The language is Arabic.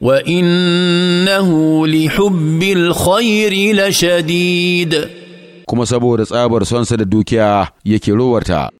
وإنه لحب الخير لشديد كما سبور اصابر سونس دوكيا يكي روورتا